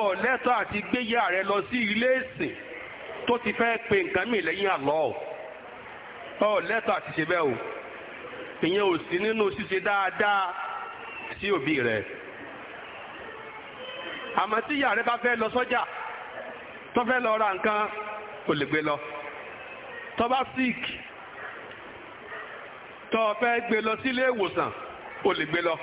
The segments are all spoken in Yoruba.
o lẹ́tọ̀ọ́ àti gbéyà rẹ lọ sí ilé ìsìn tó ti fẹ́ pe nǹkan mì lẹ́yìn Allah o lẹ́tọ̀ọ́ àti ṣe bẹ́ẹ̀ o ìyẹn ò sí nínú ṣíṣe dáadáa sí òbí rẹ àmọ́ tí ìyá rẹ bá fẹ́ lọ sọ́jà tó fẹ́ lọ ra nǹkan kò lè gbé lọ tó bá sick tó fẹ́ gbé lọ sílé ìwòsàn kò lè gbé lọ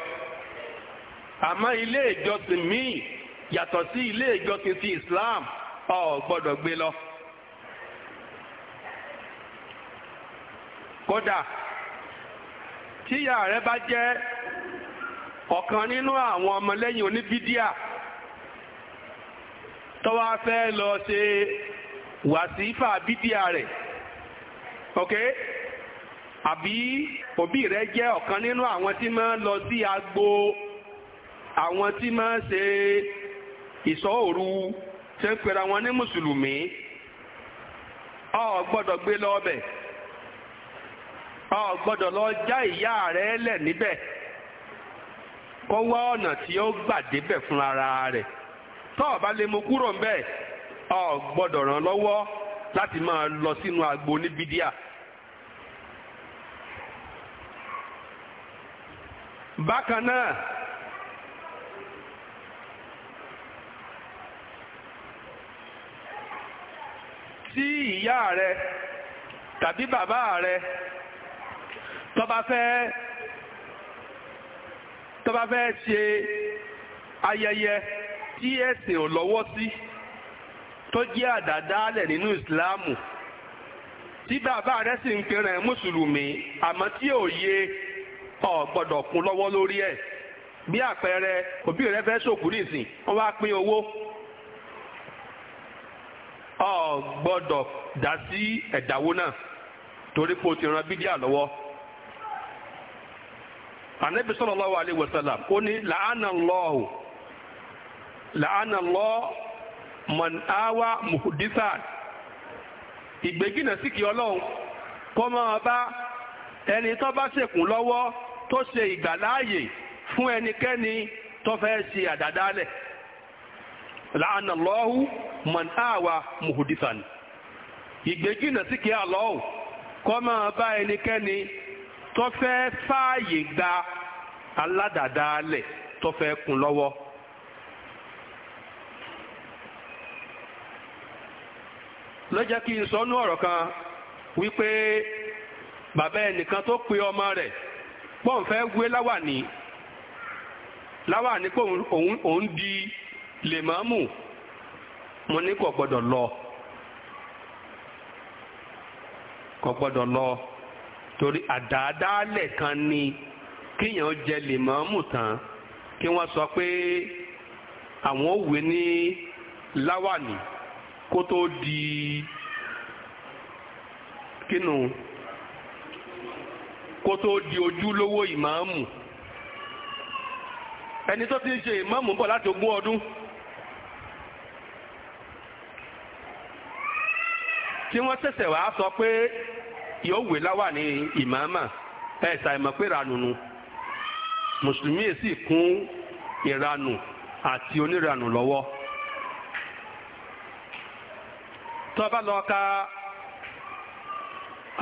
àmọ́ ilé ìjọsìn míì yàtọ̀ sí ilé ìjọsìn ti Islam ọ̀ gbọ́dọ̀ gbé lọ. kódà tíyà rẹ bá jẹ́ ọ̀kan nínú àwọn ọmọlẹ́yìn oníbídíà tó wá fẹ́ lọ ṣe wàsífà bídíà rẹ̀ ok àbí òbí rẹ jẹ́ ọ̀kan nínú àwọn tí máa lọ sí agbo àwọn tí máa ṣe. Se ìsọ òru tẹ́ ń pera wọn ní mùsùlùmí ọ gbọ́dọ̀ gbé lọ́ọ̀bẹ̀ ọ gbọdọ lọ já ìyá rẹ̀ lẹ̀ níbẹ̀ ọ wá ọ̀nà tí ó gbà débẹ̀ fún ara rẹ̀ tó o bá lè mú kúrò ńbẹ̀ ọ gbọ́dọ̀ ràn lọ́wọ́ láti máa lọ sínú agbo oníbídíà. bákan náà tí ìyá rẹ tàbí bàbá rẹ tó bá fẹ́ tó bá fẹ́ ṣe ayẹyẹ tí ẹ̀sìn ò lọ́wọ́ sí tó jẹ́ àdàdálẹ̀ nínú ìsìláàmù tí bàbá rẹ sì ń pèrè mùsùlùmí àmọ́ tí ò yé ọ̀ gbọ́dọ̀ kún lọ́wọ́ lórí ẹ̀ bí àpẹẹrẹ òbí rẹ fẹ́ ṣòkú nìsín wọ́n wá pín owó ọ gbọ́dọ̀ dá sí ẹ̀dáwó náà torí pé o ti ran bídíà lọ́wọ́ anabi sallallahu alayhi wa sallam ó ní la'ana lọ́hù la'ana lọ́ man awa muhudisa ìgbégínà sí kí ọlọ́run kọ́ máa bá ẹni tó bá ṣèkùn lọ́wọ́ tó ṣe ìgbàláàyè fún ẹnikẹ́ni tó fẹ́ ṣe man awa muhudisan ìgbéjìnà sí kí àlọ́ kọ́ máa bá ẹnikẹ́ni tọ́fẹ́ fẹ́ fààyè gba aládàdálẹ̀ tó fẹ́ kún lọ́wọ́. Lọ́jà kí n sọnú ọ̀rọ̀ kan wípé bàbá ẹnìkan tó pe ọmọ rẹ̀ pọ́n fẹ́ wé láwàní láwàní pé òun di lèmọ́mù mo ní kò gbọ́dọ̀ lọ kò gbọdọ lọ torí àdáadáalẹ̀ kan ni kíyàn jẹ lèmọ́ọ́mù tán kí wọ́n sọ pé àwọn òwe ní láwàní kó tó di kínú kó tó di ojúlówó ìmáàmù ẹni tó ti ń ṣe bọ̀ láti ogún ọdún. tí wọ́n ṣẹ̀ṣẹ̀ wá sọ pé yóò wé láwà ní ìmáàmà ẹ̀ ṣàìmọ̀ pé ranùnù mùsùlùmí sì kún ìranù àti oníranù lọ́wọ́. tọba lọ ka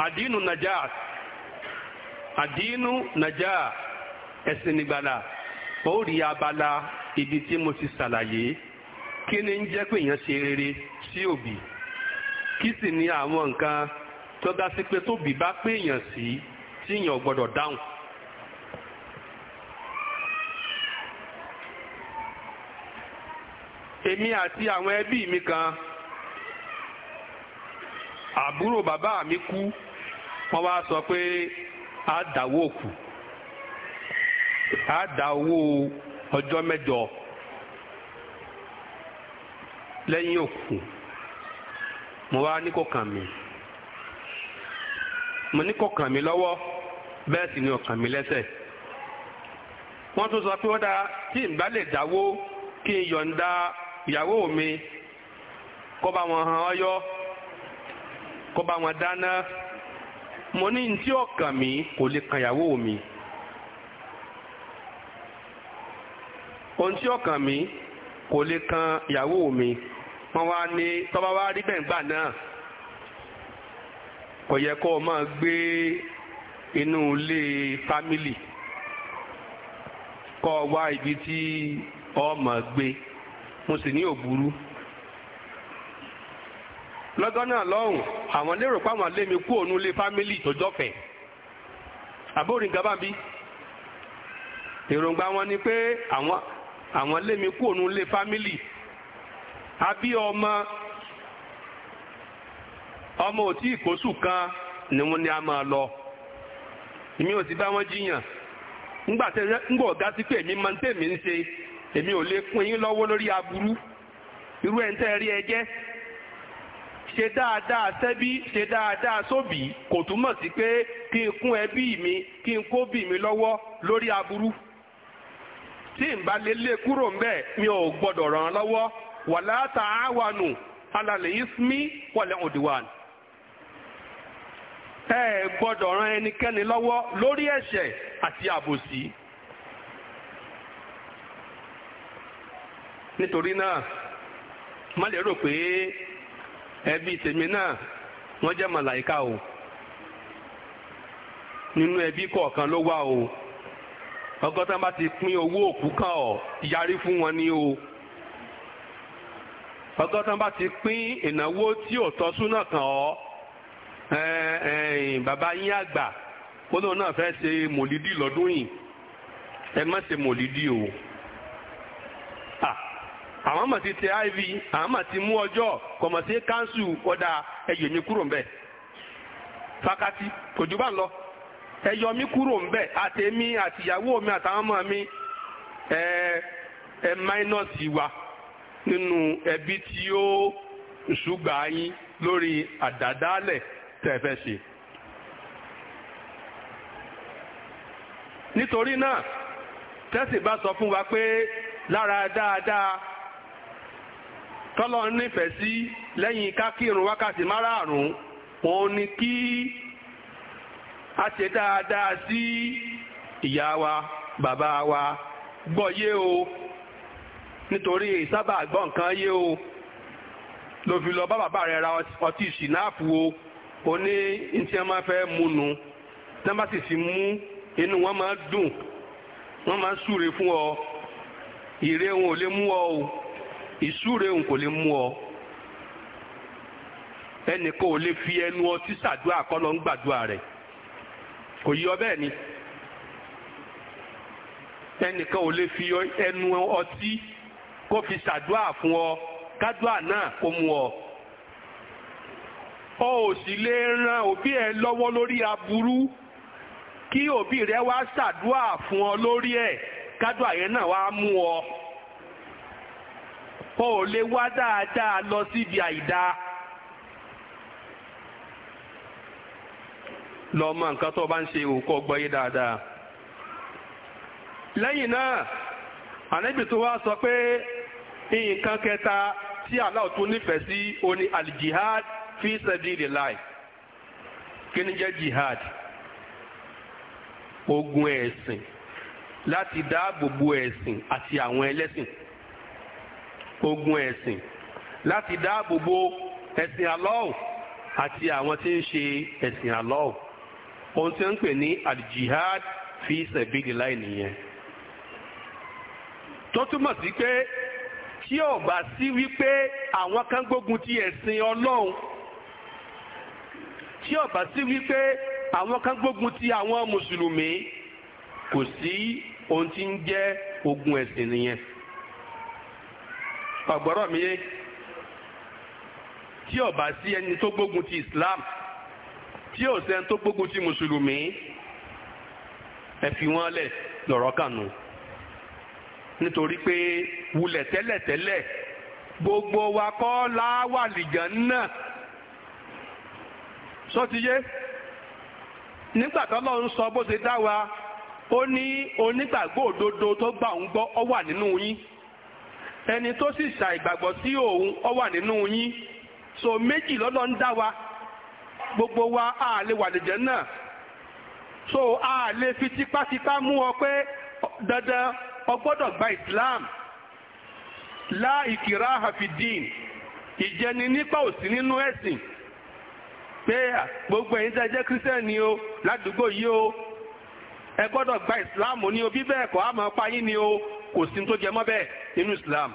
àdínú nàjà àdínú nàjà ẹ̀sìn nìgbàlà ó rí abala ibi tí mo ti sàlàyé kí ni ń jẹ́ pé èèyàn ṣe rere sí òbí. Si kí sì ni àwọn nǹkan tó dá sí pé tóbi bá péèyàn sí tí èèyàn gbọ́dọ̀ dáhùn. èmi àti àwọn ẹbí mi kan àbúrò bàbá mi kú wọ́n wá sọ pé a dàwó òkú a dà owó ọjọ́ mẹ́jọ lẹ́yìn òkú mo wá ní kò kàn mí mo ní kò kàn mí lọ́wọ́ bẹ́ẹ̀ sì ni ò kàn mí lẹ́sẹ̀ wọ́n tún sọ pé wọ́n dáa tí ìgbà lè dáwó kí n yọ̀ǹda ìyàwó mi kó bá wọn han ọyọ́ kó bá wọn dáná mo ní tí ò kàn mí kò lè kan ìyàwó mi ohun tí ò kàn mí kò lè kan ìyàwó mi wọ́n wá ní tọ́ba wá rí bẹ́ǹgbà náà kò yẹ kó o máa gbé inú ilé fámìlì kó o wá ibi tí o máa gbé mo sì ní òbúrú lọ́gán náà lọ́hùn àwọn lérò pé àwọn lémi kú òun ilé fámìlì tọjọ́ fẹ̀ àbórin gabambi èròǹgbà wọn ni pé àwọn lémi kú òun ilé fámìlì àbí ọmọ ọmọ ò tí ìkóṣù kan ni wọn ni a máa lọ èmi ò ti bá wọn jiyàn ńgbà tẹ ńgbà ọgá sí pé èmi máa ń ń ṣe èmi ò lè pín yín lọ́wọ́ lórí aburú irú ẹ̀ rí ẹ jẹ́ ṣe dáadáa sẹ́bí ṣe dáadáa sóbì kò túmọ̀ sí pé kí n mi kí n kó bì mí lọ́wọ́ lórí aburú mi ò gbọ́dọ̀ ràn án wala ta'awanu ala al-ismi wal-udwan. ẹ gbọ́dọ̀ ran ẹnikẹ́ni lọ́wọ́ lórí ẹ̀ṣẹ̀ àti àbòsí. nítorí náà má lè rò pé ẹbí tèmi náà wọ́n jẹ́ màláìka o nínú ẹbí kọ̀ọ̀kan ló wà o ọgọ́ta bá ti pín owó òkú kan ọ̀ yarí fún wọn ni o. ọjọ́ bá ti pín ìnáwó tí ò tọ́ súnà kàn ọ́ bàbá yín àgbà ó lóun náà fẹ́ ṣe mòlídì lọ́dún yìí ẹ má ṣe mòlídì o àwọn ọmọ ti tẹ iv àwọn ọmọ ti mú ọjọ́ kọ̀mọ̀ sí káńsù ọ̀dà ẹ̀yọ̀ mi kúrò ń fakati kò jù bá ń lọ ẹ̀yọ̀ mi kúrò ń bẹ̀ àtìyàwó mi àtàwọn ọmọ mi ẹ̀ ẹ̀ máínọ̀sì wa. nínú ẹbí tí ó ṣùgbà yín lórí àdádálẹ̀ tẹ̀fẹ́ ṣe. nítorí náà tẹ́sì bá sọ fún wa pé lára dáadáa tọ́lọ́ nífẹ̀ẹ́ sí lẹ́yìn kákírun wákàtí márààrún òun ni kí a ṣe dáadáa sí ìyá wa bàbá wa gbọ́yé o nítorí ìsábà àgbọ̀n nǹkan yé o ló fi lọ bá bàbá rẹ̀ ra ọtí ṣìnáàpù o ó ní ntí wọn máa fẹ́ mu nù tí wọn bá sì fi mú inú wọn máa dùn wọn máa súre fún ọ ìre wọn ò lè mú ọ o ìsúre wọn kò lè mú ọ ẹnìkan ò lè fi ẹnu ọtí ṣàdúrà kọ́ lọ ń gbàdúrà rẹ̀ kò yí ọ bẹ́ẹ̀ ni ẹnìkan ò lè fi ẹnu ọtí kó fi ṣàdúà fún ọ kádùà náà kó mu ọ. Ọ ò sì lè ran òbí ẹ lọ́wọ́ lórí aburú kí òbí rẹ wá ṣàdúà fún ọ lórí ẹ kádùà yẹn náà wá mú ọ. Ọ ò lè wá dáadáa lọ síbi àìdáa. lọ mọ nǹkan tó bá ń ṣe òkú ọgbọ́ yé dáadáa lẹ́yìn náà àníbi tó wá sọ pé nǹkan kẹta tí Allah tún nífẹ̀ẹ́ sí oní alijihad fi sabilillah kí ni jẹ́ jihad ogun ẹ̀sìn láti dáàbò bo ẹ̀sìn àti àwọn ẹlẹ́sìn ogun ẹ̀sìn láti dáàbò bo ẹ̀sìn Allah àti àwọn tí ń ṣe ẹ̀sìn Allah ohun tí ń pè ní alijihad fi sabilillah nìyẹn tó túmọ̀ sí pé tí ò bá sí wípé àwọn kan gbógun ti ẹ̀sìn ọlọ́run tí ò bá sí wípé àwọn kan gbógun ti àwọn mùsùlùmí kò sí ohun tí ń jẹ́ ogun ẹ̀sìn nìyẹn ọ̀gbọ́rọ̀ mi yé tí ò bá sí ẹni tó gbógun ti Islam tí ò sẹ́ni tó gbógun ti mùsùlùmí ẹ fi wọ́n lẹ̀ lọ́rọ̀ kànú nítorí pé wulẹ̀ tẹ́lẹ̀tẹ́lẹ̀ gbogbo wa kọ́ láwà náà sọtiyé nígbà sọ bó ṣe dá wa ó ní onígbàgbọ́ òdodo tó gbà ń gbọ́ ọ wà nínú yín ẹni tó sì ṣàìgbàgbọ́ sí òun ọ nínú yín so méjì lọ́dọ̀ ń wa gbogbo wa a lè so a lè fi tipátipá mú ọ pé dandan ọ gba Islam la ikraha fi din ìjẹni nípa òsì nínú ẹ̀sìn pé gbogbo ẹ̀yin tẹ́ jẹ́ kírísítẹ́nì o ládùúgbò yìí o ẹ gbọ́dọ̀ gba islam ní o bí bẹ́ẹ̀ kọ́ àmọ́ pa ni o kò sí tó jẹ mọ́ bẹ́ẹ̀ nínú islam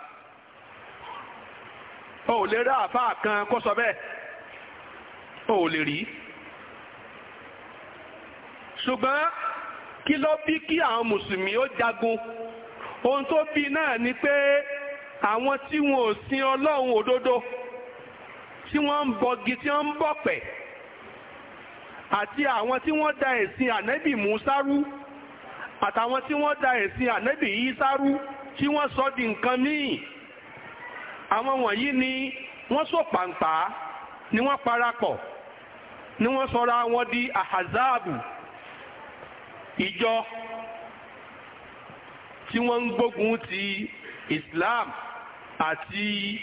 o ò lè rí àáfàá kan kó sọ bẹ́ẹ̀ o ò lè rí ṣùgbọ́n kí ló bí kí àwọn mùsùlùmí ó jagun ohun tó bí náà ni pé àwọn tí wọn ò sin ọlọ́run òdodo tí wọ́n ń bọgi tí wọ́n ń bọ̀pẹ̀ àti àwọn tí wọ́n da ẹ̀sìn ànẹ́bì Mùsárú àtàwọn tí wọ́n da ẹ̀sìn ànẹ́bì Ìsárú tí wọ́n sọ di nǹkan míì àwọn wọ̀nyí ni wọ́n so pàǹpà ni wọ́n parapọ̀ ni wọ́n sọra wọn di àhàzáàbù ìjọ tí wọ́n ń gbógun ti Islam àti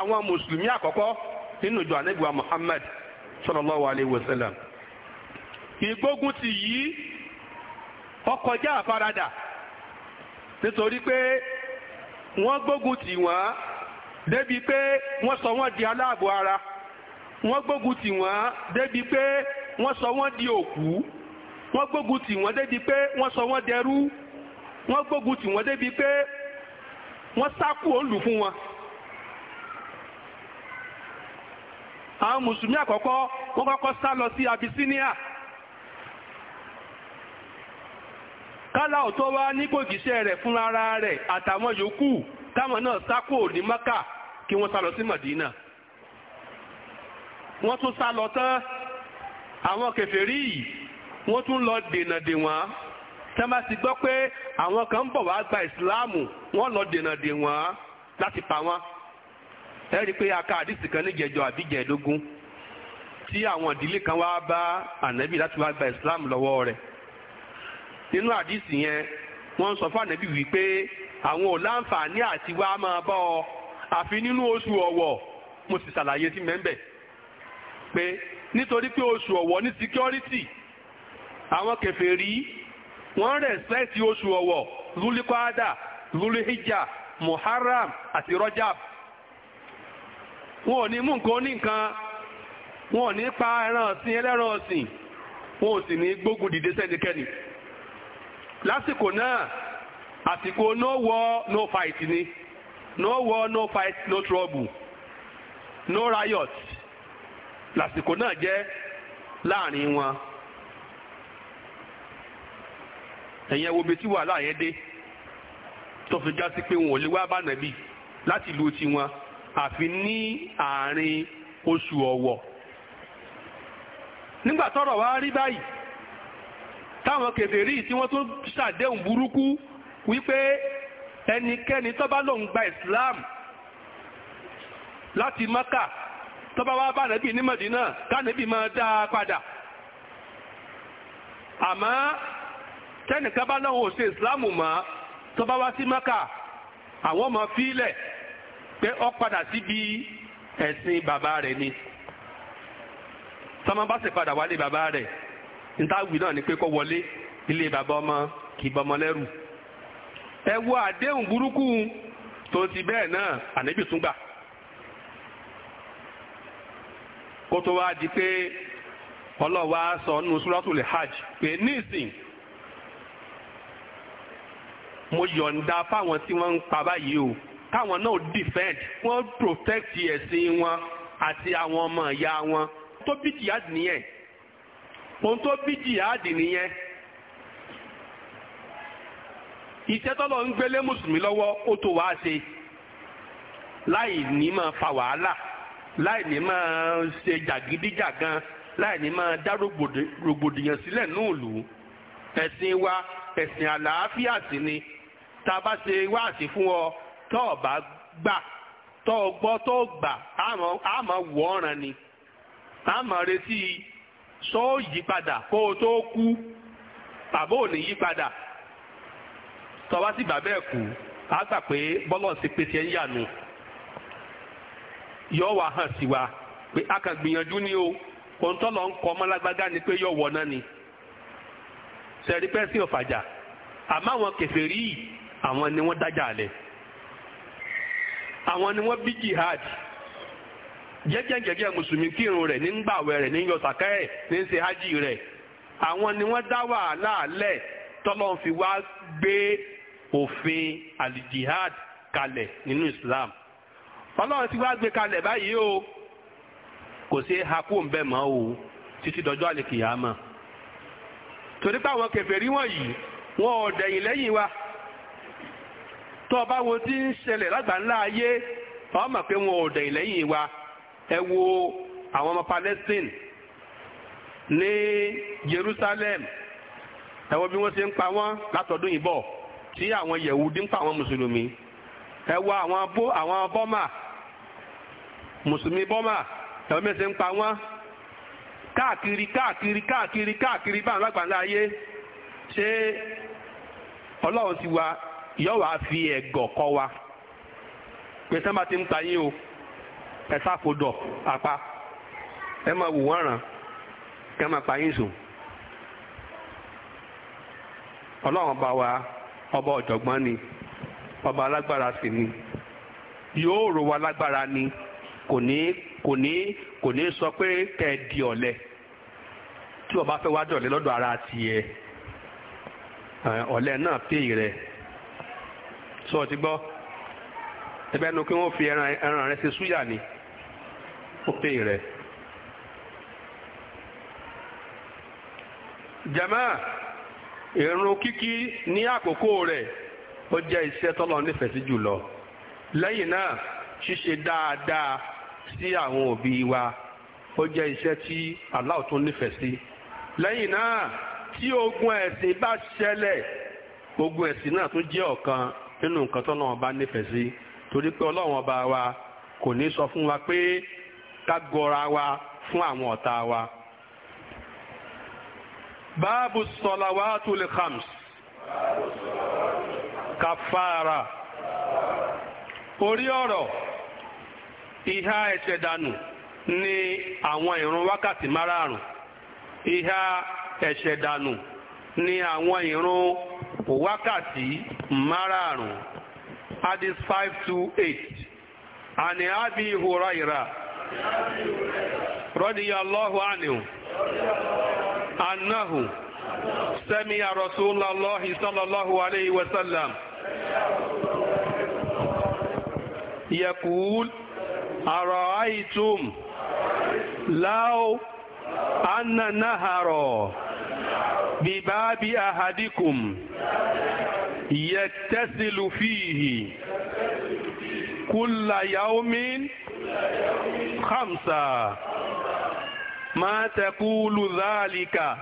àwọn mùsùlùmí àkọ́kọ́ nínú ìjọ anẹ́gbà Muhammad sallallahu alayhi wa sallam ìgbógun ti yìí ọkọjá àfaradà nítorí pé wọ́n gbógun tì wọ́n débi pé wọ́n sọ wọ́n di aláàbò ara wọ́n gbógun tì wọ́n débi pé wọ́n sọ wọ́n di òkú wọ́n gbógun tì wọ́n débi pé wọ́n sọ wọ́n dẹrú wọ́n gbógun tì wọ́n débi pé wọ́n sákù òòlù fún wọn. àwọn mùsùlùmí àkọ́kọ́ wọ́n kọ́kọ́ sá lọ sí Abisinia kálá ò tó wá nígbògìṣẹ́ rẹ̀ fún ara rẹ̀ àtàwọn yòókù táwọn náà sákò ní Mákà kí wọ́n sá lọ sí Màdínà wọ́n tún sá lọ tán àwọn kèfèrí yìí wọ́n tún lọ dènà dè wọ́n tẹ́ bá ti gbọ́ pé àwọn kan ń bọ̀ wá gba ìsìláàmù wọ́n lọ dènà dè wọ́n láti pa wọ́n ẹ rí i pé aka àdìsí kan níjẹjọ àbíjẹ̀ẹ́dógún tí àwọn ìdílé kan wá bá ànábì láti wá gba ìsìláàmù lọ́wọ́ rẹ̀ nínú àdìsí yẹn wọ́n sọ fún ànábì wípé àwọn ò láǹfààní àti wá máa bá ọ àfi nínú oṣù ọ̀wọ̀ mo sì ṣàlàyé sí mẹ́ńbẹ̀ pé nítorí pé oṣù ọ̀wọ̀ ní security àwọn kèfèrí wọ́n rẹ̀spẹ́tì oṣù ọ̀wọ̀ lulikwada lulihijja muharram àti rọ́jàb wọn ò ní mú nǹkan ní nǹkan wọn ò ní pa ẹran ọ̀sìn ẹlẹ́ran ọ̀sìn wọn ò sì ní gbógun dìde sẹ́nikẹ́ni lásìkò náà àsìkò no war no fight ni no war no fight no trouble no riot lásìkò náà jẹ́ láàrin wọn. ẹ̀yẹn wo bi tí wàhálà yẹn dé tó fi já sí pé wọn ò lè wá bá nàbì láti ìlú tiwọn àfi ní àárín oṣù ọ̀wọ̀ nígbà tọ́rọ̀ wá rí báyìí táwọn kèfèrí tí wọ́n tó ṣàdéhùn burúkú wípé ẹnikẹ́ni tó bá lòun gba Islam láti Maka tó bá wá bá nàbì ní Mẹdínà kánàbì máa dá a padà àmọ́ tẹ́nìkan bá lọ́wọ́ ṣe ìsìláàmù mọ́ tó bá wá sí mẹ́kà àwọn ọmọ fílẹ̀ pé ó padà síbi ẹ̀sìn bàbá rẹ̀ ni tọ́mọ bá sì padà wálé bàbá rẹ̀ nítawí náà ni pé kó wọlé ilé bàbá ọmọ kì í bọmọ lẹ́rù ẹ wo àdéhùn burúkú tó ti bẹ́ẹ̀ náà ànábì tún gbà kó tó wá di pé ọlọ́wà sọ nù súrọ́tù lè hajj pé nísìnyí mo yọ̀ǹda fáwọn tí wọ́n ń pa báyìí o káwọn náà defend wọ́n protect ẹ̀sìn wọn àti àwọn ọmọ ìyá wọn tó bí jihad nìyẹn ohun tó bí jihad nìyẹn iṣẹ́ tọ́lọ̀ ń gbélé mùsùlùmí lọ́wọ́ ó tó wàá ṣe láì ní máa fa wàhálà láì ní máa ṣe jàgídíjàgan láì ní máa dá rògbòdìyàn sílẹ̀ ní ìlú ẹ̀sìn wa ẹ̀sìn àlàáfíà sí ni. tá a bá ṣe fún ọ tó o bá gbà tó o gbọ́ tó o gbà á mọ̀ ọ̀ràn ni á mọ̀ retí sọ ó yí padà kó o tó kú tàbí ò ní yí padà tó o bá kú á gbà pé bọ́lọ̀ sí pété ń yànú yọ wà hàn sí wa pé a kàn gbìyànjú ní o ohun tó lọ ń kọ ọmọlágbága ni pé yọ wọ náà ni sẹ́rí pẹ́sì ọ̀fàjà àmọ́ àwọn kèfèrí yìí àwọn ni wọ́n dájà lẹ̀ àwọn ni wọ́n bí jihad jẹ́jẹ́jẹ́jẹ́ mùsùlùmí kírun rẹ̀ ní ń gbàwẹ̀ rẹ̀ ní ń yọ sàká ẹ̀ ní ṣe hájì rẹ̀ àwọn ni wọ́n dá wàhálà lẹ̀ tọ́lọ́n fi wá gbé òfin àlìjihad kalẹ̀ nínú Islam ọlọ́run ti wá gbé kalẹ̀ báyìí o kò sí hakú ń bẹ mọ́ o títí dọjọ́ àlèkìyàmọ̀ torí pé àwọn kèfèrí wọ́n yìí, wọ́n ọ̀dẹ̀yìn lẹ́yìn wa. tó o bá wo tí ń ṣẹlẹ̀ lágbàńlá ayé o mọ̀ pé wọn ò dẹ̀yìn lẹ́yìn wa ẹ wo àwọn ọmọ Palestine ní Jerusalem ẹ wo bí wọ́n ṣe ń pa wọ́n látọdún yìí bọ̀ tí àwọn Yẹ̀wùdí ń pa àwọn mùsùlùmí ẹ wo àwọn bó àwọn bọ́mà mùsùlùmí bọ́mà ẹ wo bí wọ́n ṣe ń pa wọ́n káàkiri káàkiri káàkiri káàkiri báwọn lágbàńlá ayé ṣé ọlọ́run ti wà yọwa fi ẹgọ kọ wa ti ń ta yín o ẹ sáfodọ̀ apá ẹ máa wò wọ́n ràn kẹ́ máa pa yín sùn. ọlọrun bá ọba ọ̀jọ̀gbọ́n ni ọba alágbára sì ni yóò rò wá lágbára ni kò ní sọ pé kẹ ẹ di ọ̀lẹ tí ọba wá ara náà sọ ọ ti gbọ́ ẹbẹ nu kí wọ́n fi ẹran rẹ ṣe súyà ni ó pè rẹ. jama ìrun kíkí ní àkókò rẹ̀ ó jẹ́ iṣẹ́ tọ́lọ nífẹ̀ẹ́ sí jùlọ lẹ́yìn náà ṣíṣe dáadáa sí àwọn òbí wa ó jẹ́ iṣẹ́ tí Allah tún sí lẹ́yìn náà tí ogun ẹ̀sìn bá ṣẹlẹ̀ ogun ẹ̀sìn náà tún jẹ́ ọ̀kan nínú nǹkan tó ọba nífẹ̀ẹ́ sí torí pé ọlọ́run ọba wa kò ní sọ fún wa pé ká gọra wa fún àwọn ọ̀tá wa. báàbù salawatul khams kàfàrà orí ọ̀rọ̀ ìhà dànù ni àwọn ìrun wákàtí márààrún ìhà ẹ̀ṣẹ̀ dànù ni àwọn ìrun wákàtí márààrún hadith five two eight àní abi huraira radiyallahu anhu annahu sami'a rasulallahi sallallahu alayhi wa sallam يقول أرأيتم لو أن النهر بباب أحدكم يكتسل فيه كل يوم خمسة ما تقول ذلك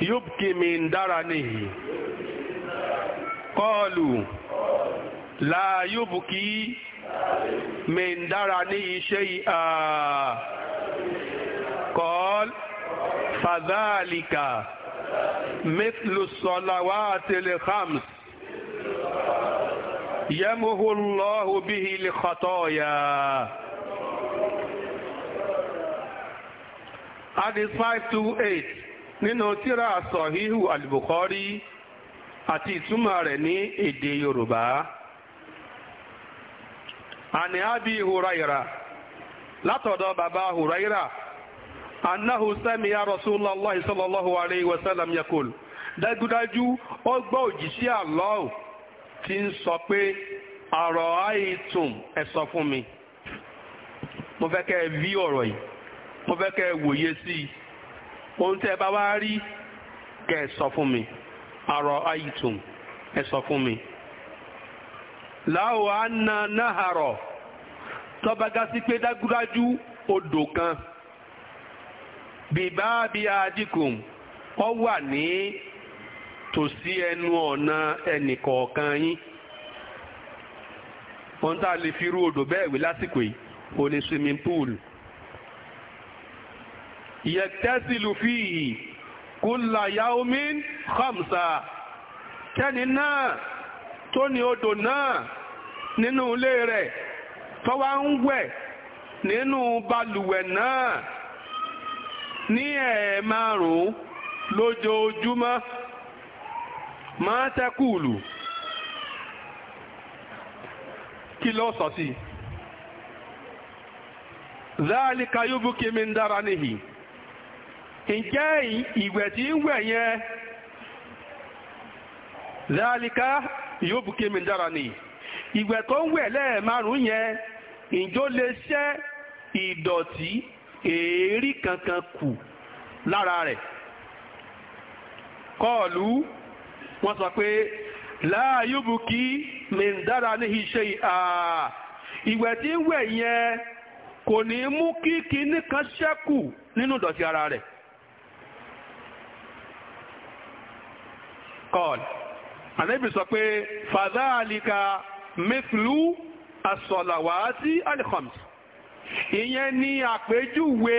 يبكي من درنه قالوا لا يبكي من درنه شيئا قال فذلك مثل الصلوات الخمس يمه الله به الخطايا Hadith 528 nínú tírà Sọ̀híhù Al-Bukhari àti ìtumọ̀ rẹ̀ ní èdè Yorùbá. Àní Abi Huraira látọ̀dọ̀ bàbá Huraira annahu sami'a rasulullahi sallallahu alayhi wa sallam yakul dájúdájú ó gbọ́ òjíṣẹ́ Allah tí ń sọ pé àrọ̀ àìtùn ẹ sọ fún mi mo fẹ́ kẹ́ ẹ rí ọ̀rọ̀ yìí mo fẹ́ kẹ́ ẹ wòye sí i ohun tẹ́ ẹ bá wá rí kẹ́ sọ fún mi ẹ sọ fún mi. láwo pé odò kan. bíbáàbí adìkùn ọ wà ní tòsí ẹnu ọ̀nà ẹnìkọ̀ọ̀kan yín ohun tá a lè fi irú odò bẹ́ẹ̀ wí lásìkò yìí ó swimming pool yẹtẹ́sílù fíì kúlà yaomi khamsa kẹ́ni náà tó ní odò náà nínú ilé rẹ̀ tó wá ń wẹ̀ nínú balùwẹ̀ náà. ní ẹ̀ẹ̀márùn-ún lójoojúmọ́ máa tẹ́kùlù kí ló sọ sí záàlìkà yóò kí mi ń dára níhì ǹjẹ́ ìwẹ̀ tí ń wẹ̀ yẹn záàlìkà yóò kí mi ń dára níhì ìwẹ̀ tó ń wẹ̀ ún yẹn ìjó lè ṣẹ́ ìdọ̀tí èérí kankan kù lára re koolu wọn sọ pé láàyùbù kí mẹ́ńdára ní ah ìhà ìwẹ̀ tí ń wẹ̀ yẹn kò ní mú kí kinní kan ṣẹ́kù nínú ìdọ̀tí ara rẹ̀ kọ́ọ̀lù ànábì sọ pé fàdáàlìkà mẹ́fìlú àsọ̀làwàátì alìkọ́mùsì ìyẹn ni àpèjúwe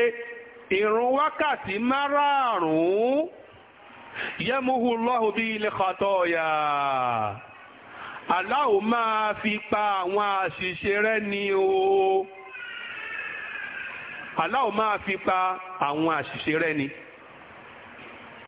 ìrun wákàtí márààrún yẹmuhu lọ́hùn bí ilé kọ̀tọ́ọ̀yà aláwo máa fi pa àwọn àṣìṣe rẹ ni o aláwo máa fi pa àwọn àṣìṣe rẹ ni.